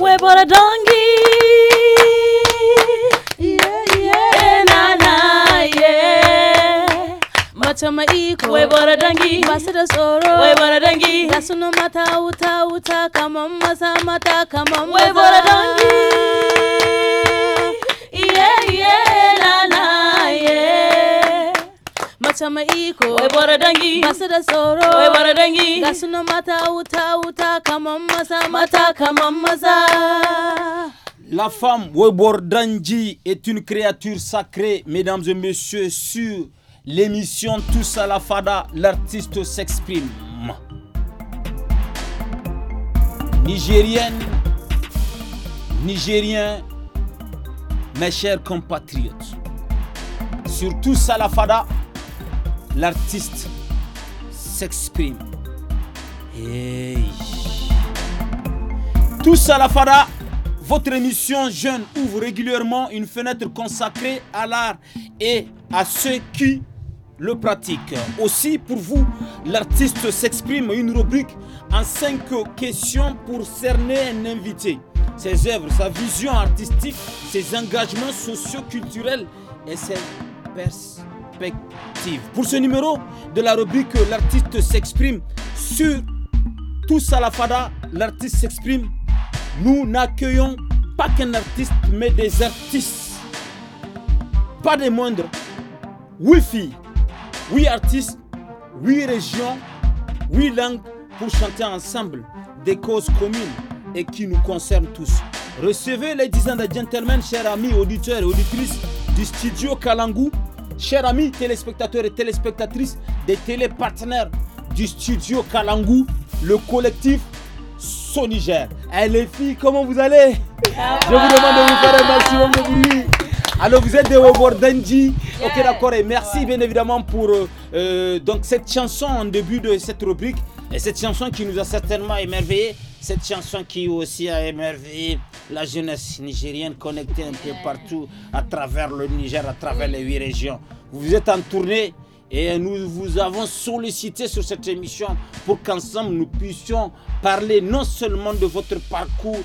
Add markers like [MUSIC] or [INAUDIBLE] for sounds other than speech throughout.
webora donkey, yeah, yeah. na eh, na yeah matama iko webora dangi basi da tsoro webora dangi donkey. suno mata uta uta, kaman maza mata kaman maza webora donkey. La femme Webordanji est une créature sacrée, mesdames et messieurs, sur l'émission Tous à la Fada, l'artiste s'exprime. Nigérienne, Nigérien, mes chers compatriotes, sur Tous à la Fada, l'artiste s'exprime. Hey. Tous à la FARA, votre émission Jeune ouvre régulièrement une fenêtre consacrée à l'art et à ceux qui le pratiquent. Aussi, pour vous, l'artiste s'exprime une rubrique en cinq questions pour cerner un invité. Ses œuvres, sa vision artistique, ses engagements socio-culturels et ses perspectives pour ce numéro de la rubrique L'artiste s'exprime sur Tout Salafada, l'artiste s'exprime, nous n'accueillons pas qu'un artiste, mais des artistes. Pas des moindres. Oui filles, oui artistes, oui régions, oui langues pour chanter ensemble des causes communes et qui nous concernent tous. Recevez les 10 ans de gentlemen, chers amis, auditeurs et auditrices du studio Kalangu chers amis téléspectateurs et téléspectatrices des télépartenaires du studio Kalangu, le collectif Soniger. Eh les filles, comment vous allez Je vous demande de vous faire un maximum de bruit. Alors vous êtes des Wobor Denji. Ok d'accord et merci bien évidemment pour euh, euh, donc cette chanson en début de cette rubrique et cette chanson qui nous a certainement émerveillés cette chanson qui aussi a émerveillé la jeunesse nigérienne connectée un peu partout à travers le Niger, à travers les huit régions. Vous êtes en tournée et nous vous avons sollicité sur cette émission pour qu'ensemble nous puissions parler non seulement de votre parcours,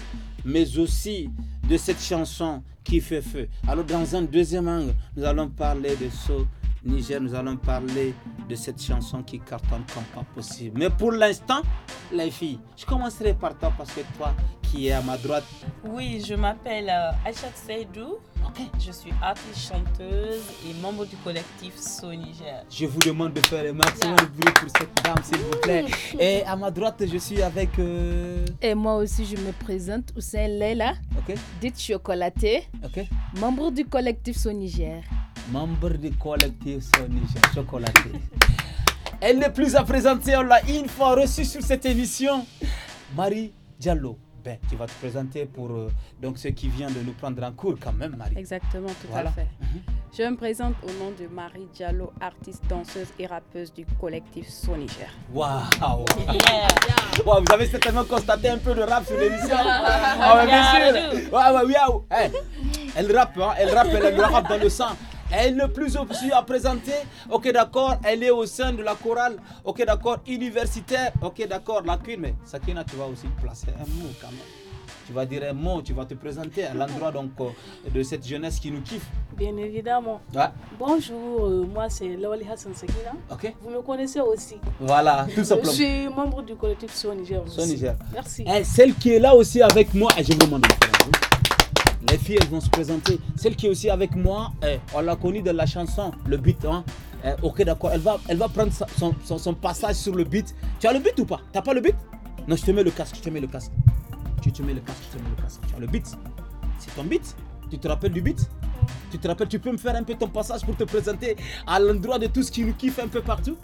mais aussi de cette chanson qui fait feu. Alors dans un deuxième angle, nous allons parler de ce Niger, nous allons parler de cette chanson qui cartonne comme pas possible. Mais pour l'instant, les filles, je commencerai par toi parce que toi qui es à ma droite. Oui, je m'appelle euh, Achat Seydou. Je suis artiste chanteuse et membre du collectif So Niger. Je vous demande de faire le maximum de bruit pour cette dame, s'il vous plaît. Et à ma droite, je suis avec. Euh, et moi aussi, je me présente, Oussin Leila, okay. dite chocolatée, okay. membre du collectif So Niger membre du collectif Soniger, Chocolaté. Elle n'est plus à présenter, on l'a une fois reçue sur cette émission. Marie Diallo, ben, tu vas te présenter pour euh, donc ceux qui viennent de nous prendre en cours quand même, Marie. Exactement, tout à fait. Mhm. Je me présente au nom de Marie Diallo, artiste, danseuse et rappeuse du collectif Soniger. Waouh wow. Vous avez certainement constaté un peu de rap sur l'émission. ah, bien sûr. Elle rappe, elle rappe, elle rappe dans le sang. Elle est le plus obligée à présenter. Ok, d'accord. Elle est au sein de la chorale. Ok, d'accord. Universitaire. Ok, d'accord. la Mais Sakina, tu vas aussi placer un mot quand même. Tu vas dire un mot, tu vas te présenter à l'endroit donc euh, de cette jeunesse qui nous kiffe. Bien évidemment. Bonjour, euh, moi c'est Lawali Hassan Sakina. Ok. Vous me connaissez aussi. Voilà, tout simplement. Je suis membre du collectif Son Niger. Merci. Et eh, celle qui est là aussi avec moi, eh, je vous demande. Les filles, elles vont se présenter. Celle qui est aussi avec moi, eh, on l'a connue de la chanson, le beat. Hein? Eh, ok, d'accord. Elle va, elle va prendre son, passage sur le beat. Tu as le beat ou pas T'as pas le beat Non, je te mets le casque, je te mets le casque. Tu te mets le casque, je te mets le casque. Tu as le beat. C'est ton beat. Tu te rappelles du beat Tu te rappelles, tu peux me faire un peu ton passage pour te présenter à l'endroit de tout ce qui nous kiffe un peu partout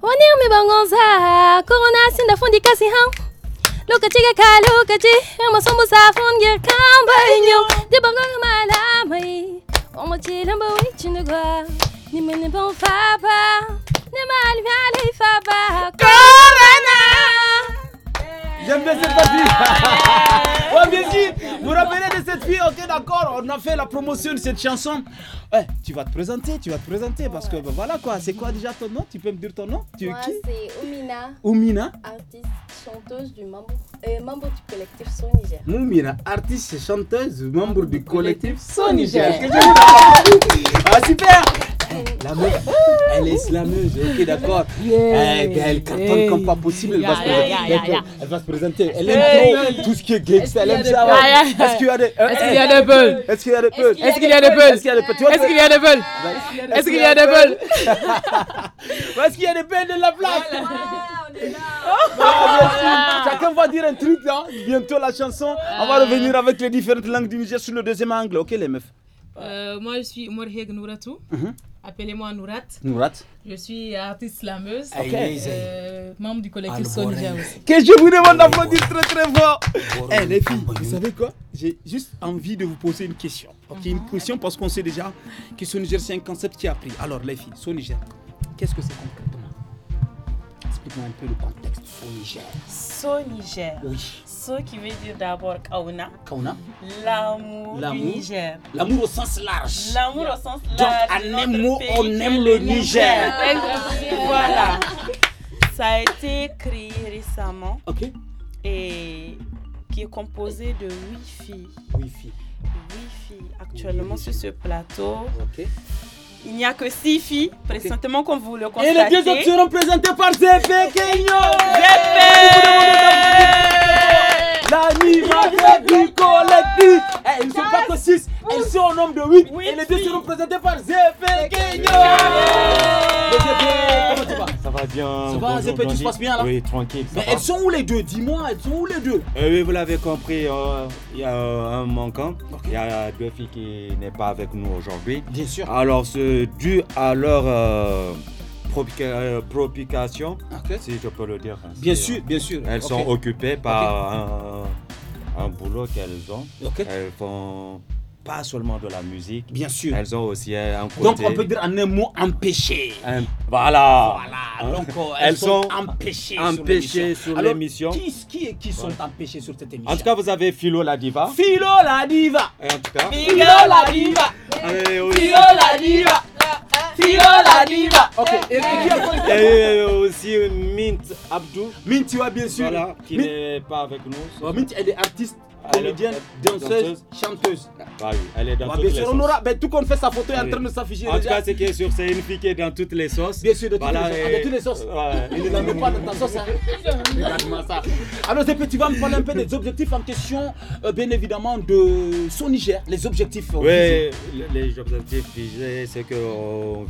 wani mi bangonza ah, ah, ah. corona c'est da fundi kasi lokaci ga ka lokaci masu musafin ya kan barin yau da bagar malamai on mace lamba wai cinigwa ni mini ban fa ba ni ma alfi alaifa ba J'aime bien cette partie. ouais, bien sûr. Vous rappelez de cette fille, ok, d'accord. On a fait la promotion de cette chanson. Ouais, eh, tu vas te présenter, tu vas te présenter parce que voilà quoi. C'est quoi déjà ton nom Tu peux me dire ton nom Tu Moi, qui c'est Oumina. Oumina. Artiste chanteuse du membre, euh, du collectif Soniger Oumina, artiste chanteuse, membre du collectif Soniger ah super la meuf, elle est slameuse, ok, d'accord. Elle, eh elle cartonne comme pas possible, elle, va va se présenter. Elle aime tout, ce qui est gangster, elle aime ça. Est-ce qu'il y a des peuls hein? Est-ce qu'il y a des peuls Est-ce qu'il y a des peuls Est-ce qu'il y a des peuls Est-ce qu'il y a des peuls Est-ce qu'il y a des peuls Est-ce qu'il y a des peuls de la place Chacun va dire un truc là, bientôt la chanson. On va euh. revenir avec les différentes langues du Niger sur le deuxième angle, ok les meufs euh, Moi je suis Omar Heg Nouratou. Uh-huh. Appelez-moi Nourat. Nourat. Je suis artiste slameuse, Ok. Euh, membre du collectif Soniger aussi. Que je vous demande d'applaudir très très fort. Eh les filles, vous savez quoi J'ai juste envie de vous poser une question. Ok, une ah. question parce qu'on sait déjà que Soniger c'est un concept qui a pris. Alors les filles, Soniger, qu'est-ce que c'est concret un peu le contexte So Niger. So Niger. Oui. So qui veut dire d'abord Kauna. Kauna. L'amour du Niger. L'amour au sens large. L'amour au sens large. on aime le Niger. voilà. Ça a été créé récemment. Ok. Et qui est composé de huit filles. Huit filles. Huit filles actuellement sur ce plateau. Ok. Il n'y a que six filles, présentement, comme vous le constatez. Et les deux autres seront présentées par Zepé Kenyo Zepé L'animateur du collectif Elles eh, Ils ne sont pas que six, elles sont au nombre de huit. Et les deux seront présentées par Zepé Kenyo ça va, tout se passe bien là Oui, tranquille. Mais elles sont où les deux Dis-moi, elles sont où les deux eh Oui, vous l'avez compris, euh, il y a euh, un manquant. Il y a euh, deux filles qui n'est pas avec nous aujourd'hui. Bien sûr. Alors, c'est dû à leur propication. si je peux le dire. Bien sûr, bien sûr. Elles sont occupées par un, un, boulot qu'elles ont. Elles font pas seulement de la musique. Bien sûr. Elles ont aussi un côté. Donc on peut dire en un mot empêché. Voilà. Voilà. Donc euh, elles, sont, empêchées, sur l'émission. Qui, qui, qui sont empêchés empêchées sur cette émission En tout cas, vous avez Philo la diva. Philo la diva. en tout cas. Philo la diva. Philo la diva. Tiro la diva. Ok. Eh, eh, et, euh, aussi Mint Abdou. Mint, tu vois, bien sûr. qui n'est pas avec nous. Mint, elle est artiste. Comédienne, danseuse, chanteuse. Bah oui, elle est dans bah, toutes sûr, sauces. On aura, ben, tout qu'on fait sa photo est en ah train de s'afficher. En tout cas, ce sûr, c'est une dans toutes les sauces. Bien sûr, de toutes, les, sauces. Ah, toutes les sauces. ne la pas dans ta sauce. Hein. ça. Alors, tu vas me parler un peu des objectifs en question, euh, bien évidemment, de son Niger. Les objectifs. Euh, oui, les objectifs c'est que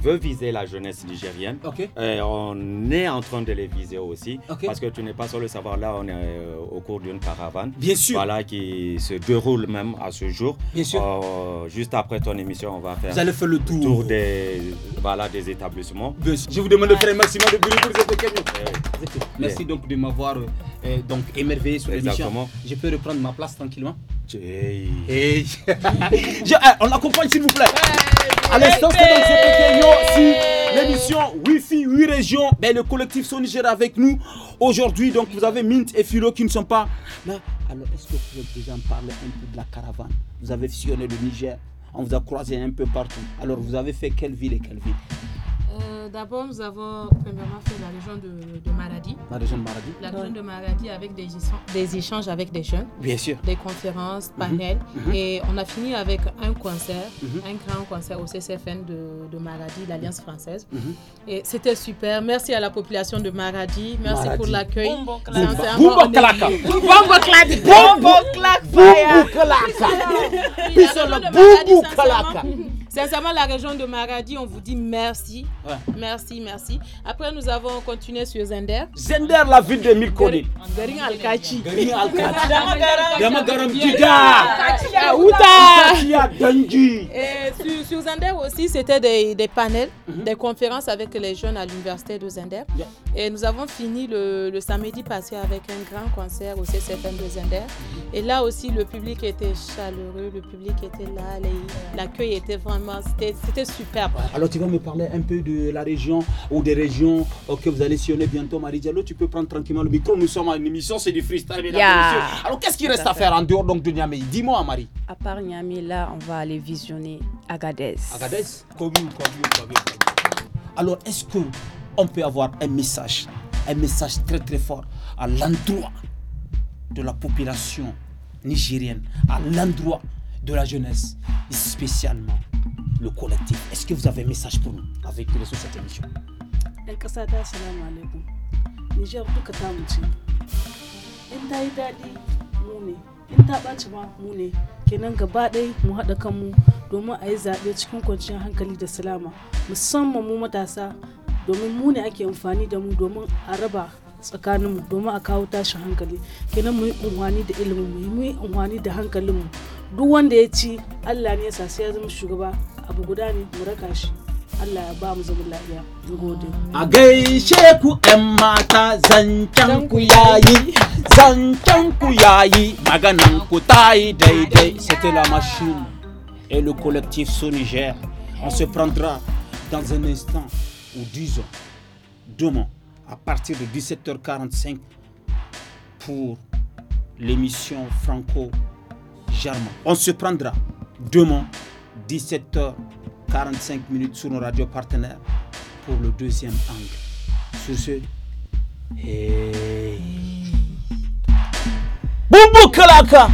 veut viser la jeunesse nigérienne. Euh, on est en train de les viser aussi. Parce que tu n'es pas sur le savoir. Là, on est euh, au cours d'une caravane. Bien sûr. qui se déroule même à ce jour. Bien sûr. Euh, juste après ton émission, on va faire, vous allez faire le tour, des, voilà, des établissements. Je vous demande de faire un maximum de bruit pour cette eh Merci donc de m'avoir émerveillé sur l'émission. Je peux reprendre ma place tranquillement. [LAUGHS] Eh, on l'accompagne s'il vous plaît. Hey. À l'instant, c'est l'émission Wi-Fi 8 régions. Ben, le collectif Niger avec nous aujourd'hui. Donc vous avez Mint et Firo qui ne sont pas là. Alors est-ce que vous pouvez déjà en parler un peu de la caravane Vous avez visionné le Niger. On vous a croisé un peu partout. Alors vous avez fait quelle ville et quelle ville euh, d'abord, nous avons premièrement fait la région de, de Maradi. La région de Maradi. La région de avec des, des échanges avec des jeunes. Bien sûr. Des conférences, mhm. panels. Mhm. Mhm. Et on a fini avec un concert, un grand concert au CCFN de, de Maradi, l'Alliance française. Et c'était super. Merci à la population de Maradi. Merci pour l'accueil. Bombo clac. Bombo claque. Bombo claque. Bombo clac la région de Maradi, on vous dit merci. Merci, merci. Après, nous avons continué sur Zender. Zender, la ville de Mille et sur, Zender aussi, c'était des, panels, mhm. des conférences avec les jeunes à l'université de Zender. Et nous avons fini le, samedi passé avec un grand concert au CCFM de Zender. Mhm. Et là aussi, le public était chaleureux, le public était là, l'accueil était vraiment, c'était superbe. Alors, tu vas me parler un peu de la région ou des régions euh, que vous allez sillonner bientôt, Marie Diallo. Tu peux prendre tranquillement le micro. Nous sommes à une émission, c'est du freestyle, Alors, qu'est-ce qu'il reste à faire en dehors donc de Niamey Dis-moi, Marie. À part Niami, là, on va aller visionner Agadez. Agadez Alors, est-ce qu'on peut avoir un message, un message très très fort à l'endroit de la population nigérienne, à l'endroit de la jeunesse, spécialement le collectif Est-ce que vous avez un message pour nous avec les cette émission Niger in ta ɓaci ma mu ne kenan gaba ɗaya mu haɗa kanmu domin a yi zaɓe cikin kwanciyar hankali da salama musamman mu matasa domin mu ne ake amfani da mu domin a raba tsakanin mu domin a kawo tashin hankali kenan mu yi unhwani da ilimin mu yi unhwani da hankalinmu duk wanda ya ci allah ne ya sa sai ya zama shugaba abu guda ne mu raka shi allah ya ba mu zama lafiya gode a gaishe ku ƴan mata zancen ku yayi C'était la machine et le collectif Soniger. On se prendra dans un instant ou ans. demain à partir de 17h45 pour l'émission Franco Germain. On se prendra demain 17h45 minutes sur nos radios partenaires pour le deuxième angle. Sur ce, hey. Bu bu klaka.